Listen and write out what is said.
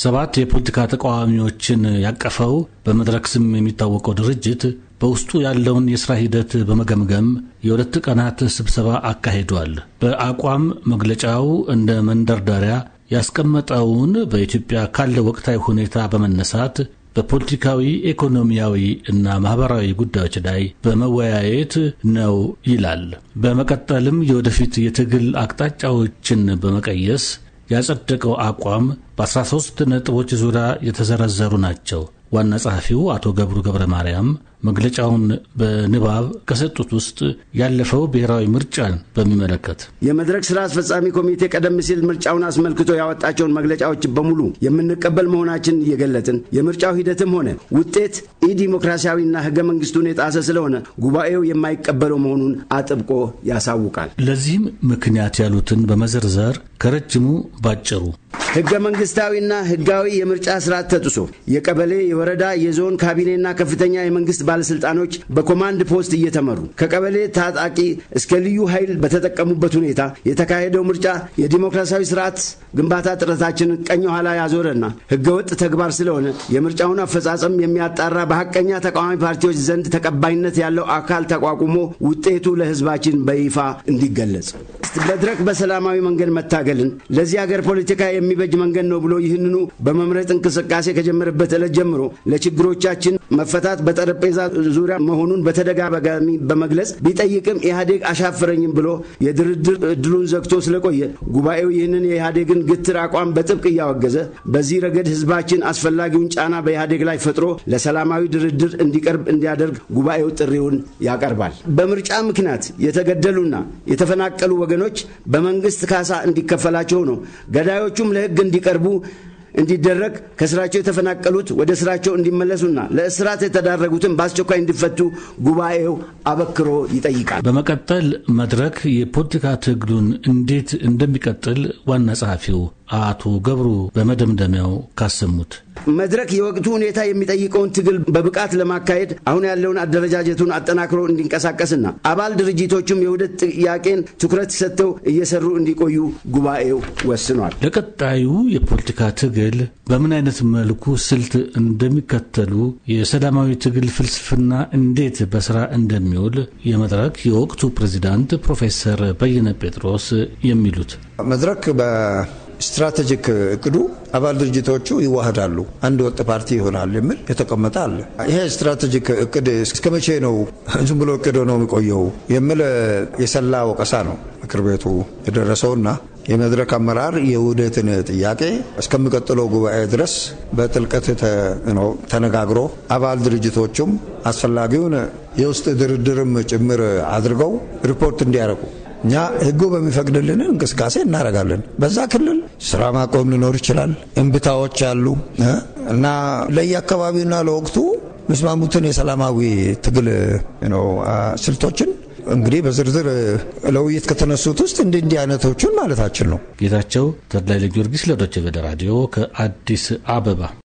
ሰባት የፖለቲካ ተቃዋሚዎችን ያቀፈው በመድረክ ስም የሚታወቀው ድርጅት በውስጡ ያለውን የሥራ ሂደት በመገምገም የሁለት ቀናት ስብሰባ አካሂዷል። በአቋም መግለጫው እንደ መንደርደሪያ ያስቀመጠውን በኢትዮጵያ ካለ ወቅታዊ ሁኔታ በመነሳት በፖለቲካዊ፣ ኢኮኖሚያዊ እና ማህበራዊ ጉዳዮች ላይ በመወያየት ነው ይላል። በመቀጠልም የወደፊት የትግል አቅጣጫዎችን በመቀየስ ያጸደቀው አቋም በ13 ነጥቦች ዙሪያ የተዘረዘሩ ናቸው። ዋና ጸሐፊው አቶ ገብሩ ገብረ ማርያም መግለጫውን በንባብ ከሰጡት ውስጥ ያለፈው ብሔራዊ ምርጫን በሚመለከት የመድረክ ስራ አስፈጻሚ ኮሚቴ ቀደም ሲል ምርጫውን አስመልክቶ ያወጣቸውን መግለጫዎች በሙሉ የምንቀበል መሆናችን እየገለጥን የምርጫው ሂደትም ሆነ ውጤት ኢዲሞክራሲያዊና ህገ መንግስቱን የጣሰ ስለሆነ ጉባኤው የማይቀበለው መሆኑን አጥብቆ ያሳውቃል። ለዚህም ምክንያት ያሉትን በመዘርዘር ከረጅሙ ባጭሩ ህገ መንግስታዊና ህጋዊ የምርጫ ስርዓት ተጥሶ የቀበሌ የወረዳ የዞን ካቢኔና ከፍተኛ የመንግስት ባለስልጣኖች በኮማንድ ፖስት እየተመሩ ከቀበሌ ታጣቂ እስከ ልዩ ኃይል በተጠቀሙበት ሁኔታ የተካሄደው ምርጫ የዲሞክራሲያዊ ስርዓት ግንባታ ጥረታችንን ቀኝ ኋላ ያዞረና ህገወጥ ተግባር ስለሆነ የምርጫውን አፈጻጸም የሚያጣራ በሀቀኛ ተቃዋሚ ፓርቲዎች ዘንድ ተቀባይነት ያለው አካል ተቋቁሞ ውጤቱ ለህዝባችን በይፋ እንዲገለጽ መድረክ በሰላማዊ መንገድ መታገልን ለዚህ ሀገር ፖለቲካ የሚበጅ መንገድ ነው ብሎ ይህንኑ በመምረጥ እንቅስቃሴ ከጀመረበት ዕለት ጀምሮ ለችግሮቻችን መፈታት በጠረጴዛ ዙሪያ መሆኑን በተደጋጋሚ በመግለጽ ቢጠይቅም ኢህአዴግ አሻፍረኝም ብሎ የድርድር እድሉን ዘግቶ ስለቆየ ጉባኤው ይህንን የኢህአዴግን ግትር አቋም በጥብቅ እያወገዘ በዚህ ረገድ ህዝባችን አስፈላጊውን ጫና በኢህአዴግ ላይ ፈጥሮ ለሰላማዊ ድርድር እንዲቀርብ እንዲያደርግ ጉባኤው ጥሪውን ያቀርባል። በምርጫ ምክንያት የተገደሉና የተፈናቀሉ ወገኖች በመንግስት ካሳ እንዲከፈላቸው ነው። ገዳዮቹ ሁሉም ለሕግ እንዲቀርቡ እንዲደረግ ከስራቸው የተፈናቀሉት ወደ ስራቸው እንዲመለሱና ለእስራት የተዳረጉትን በአስቸኳይ እንዲፈቱ ጉባኤው አበክሮ ይጠይቃል። በመቀጠል መድረክ የፖለቲካ ትግሉን እንዴት እንደሚቀጥል ዋና ጸሐፊው አቶ ገብሩ በመደምደሚያው ካሰሙት መድረክ የወቅቱ ሁኔታ የሚጠይቀውን ትግል በብቃት ለማካሄድ አሁን ያለውን አደረጃጀቱን አጠናክሮ እንዲንቀሳቀስና አባል ድርጅቶቹም የውህደት ጥያቄን ትኩረት ሰጥተው እየሰሩ እንዲቆዩ ጉባኤው ወስኗል። ለቀጣዩ የፖለቲካ ትግል በምን አይነት መልኩ ስልት እንደሚከተሉ የሰላማዊ ትግል ፍልስፍና እንዴት በስራ እንደሚውል የመድረክ የወቅቱ ፕሬዚዳንት ፕሮፌሰር በየነ ጴጥሮስ የሚሉት መድረክ ስትራቴጂክ እቅዱ አባል ድርጅቶቹ ይዋህዳሉ፣ አንድ ወጥ ፓርቲ ይሆናል የሚል የተቀመጠ አለ። ይሄ ስትራቴጂክ እቅድ እስከ መቼ ነው ዝም ብሎ እቅድ ነው የሚቆየው የሚል የሰላ ወቀሳ ነው ምክር ቤቱ የደረሰውና የመድረክ አመራር የውህደትን ጥያቄ እስከሚቀጥለው ጉባኤ ድረስ በጥልቀት ተነጋግሮ አባል ድርጅቶቹም አስፈላጊውን የውስጥ ድርድርም ጭምር አድርገው ሪፖርት እንዲያደርጉ እኛ ህጉ በሚፈቅድልን እንቅስቃሴ እናደርጋለን። በዛ ክልል ስራ ማቆም ሊኖር ይችላል። እንብታዎች አሉ እና ለየአካባቢውና ለወቅቱ ምስማሙትን የሰላማዊ ትግል ስልቶችን እንግዲህ በዝርዝር ለውይይት ከተነሱት ውስጥ እንዲህ እንዲህ አይነቶቹን ማለታችን ነው። ጌታቸው ተድላይ ለጊዮርጊስ ለዶይቼ ቬለ ራዲዮ ከአዲስ አበባ